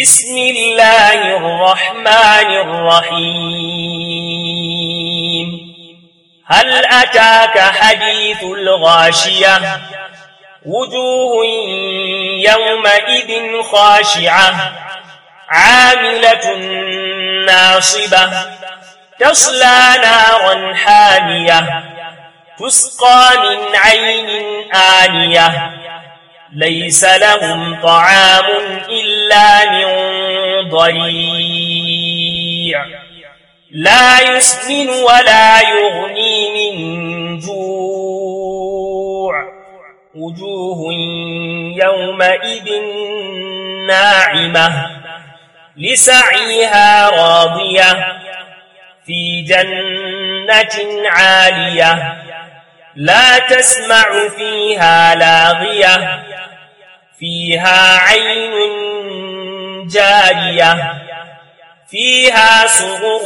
بسم الله الرحمن الرحيم هل أتاك حديث الغاشية وجوه يومئذ خاشعة عاملة ناصبة تصلى نارا حامية تسقى من عين آنية ليس لهم طعام إلا من ضريع لا يسمن ولا يغني من جوع وجوه يومئذ ناعمة لسعيها راضية في جنة عالية لا تسمع فيها لاغية فيها عين جارية فيها سرر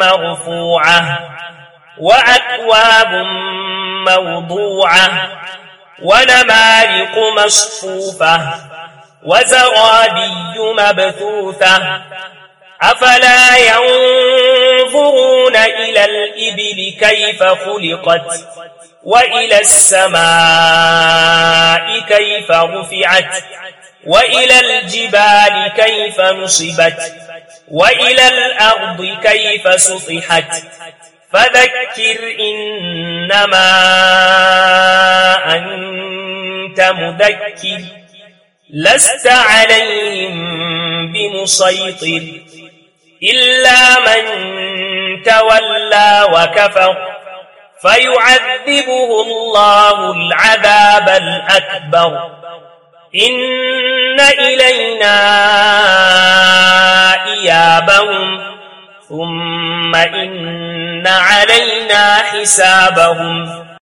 مرفوعة وأكواب موضوعة ونمارق مصفوفة وزرابي مبثوثة أفلا ينظرون إلى الإبل كيف خلقت وإلى السماء كيف رفعت وإلى الجبال كيف نصبت وإلى الأرض كيف سطحت فذكر إنما أنت مذكر لست عليهم بمسيطر إلا من تولى وكفر فيعذبه الله العذاب الأكبر إن إلينا إيابهم ثم إن علينا حسابهم